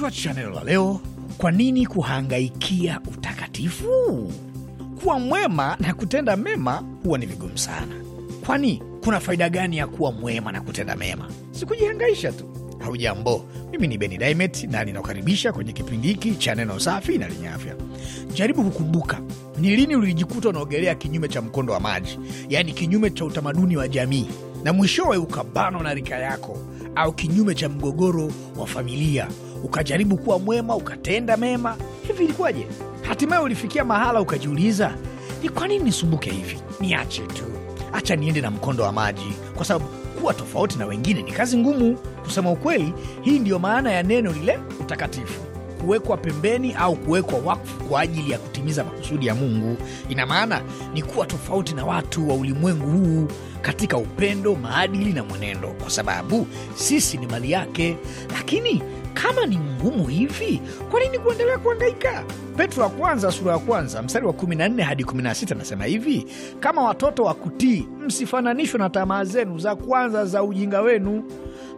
Kichwa cha neno la leo: kwa nini kuhangaikia utakatifu? Kuwa mwema na kutenda mema huwa ni vigumu sana, kwani kuna faida gani ya kuwa mwema na kutenda mema? Sikujihangaisha tu. Haujambo, mimi ni Beni Dimet na ninakukaribisha kwenye kipindi hiki cha neno safi na lenye afya. Jaribu kukumbuka ni lini ulijikuta unaogelea kinyume cha mkondo wa maji, yaani kinyume cha utamaduni wa jamii, na mwishowe ukabanwa na rika yako, au kinyume cha mgogoro wa familia ukajaribu kuwa mwema, ukatenda mema. Hivi ilikuwaje? Hatimaye ulifikia mahala ukajiuliza, ni kwa nini nisumbuke hivi? Niache tu, acha niende na mkondo wa maji, kwa sababu kuwa tofauti na wengine ni kazi ngumu. Kusema ukweli, hii ndiyo maana ya neno lile utakatifu kuwekwa pembeni au kuwekwa wakfu kwa ajili ya kutimiza makusudi ya Mungu. Ina maana ni kuwa tofauti na watu wa ulimwengu huu katika upendo, maadili na mwenendo, kwa sababu sisi ni mali yake. Lakini kama ni ngumu hivi, kwa nini kuendelea kuangaika? Petro wa kwanza sura ya kwanza mstari wa 14 hadi 16 anasema hivi: kama watoto wa kutii, msifananishwe na tamaa zenu za kwanza za ujinga wenu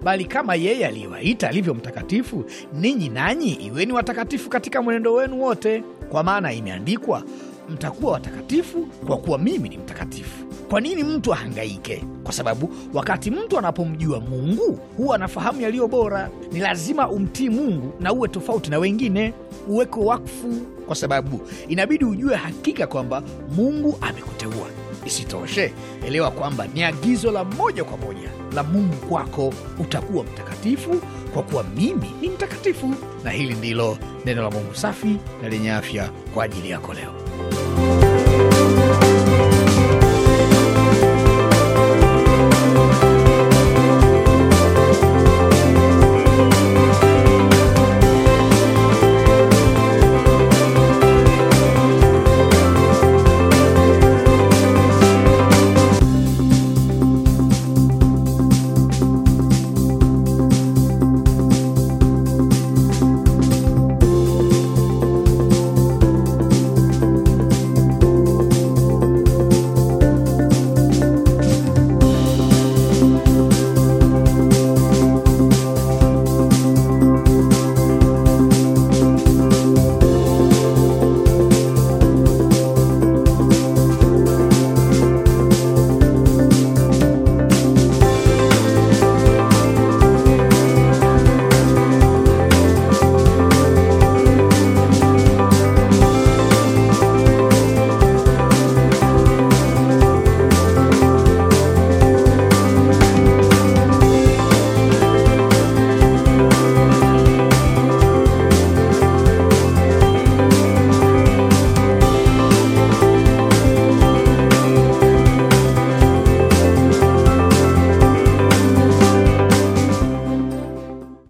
bali kama yeye aliyewaita alivyo mtakatifu, ninyi nanyi iweni watakatifu katika mwenendo wenu wote, kwa maana imeandikwa, mtakuwa watakatifu kwa kuwa mimi ni mtakatifu. Kwa nini mtu ahangaike? Kwa sababu wakati mtu anapomjua Mungu huwa anafahamu yaliyo bora. Ni lazima umtii Mungu na uwe tofauti na wengine, uweko wakfu, kwa sababu inabidi ujue hakika kwamba Mungu amekuteua Isitoshe, elewa kwamba ni agizo la moja kwa moja la Mungu kwako, utakuwa mtakatifu kwa kuwa mimi ni mtakatifu. Na hili ndilo neno la Mungu safi na lenye afya kwa ajili yako leo.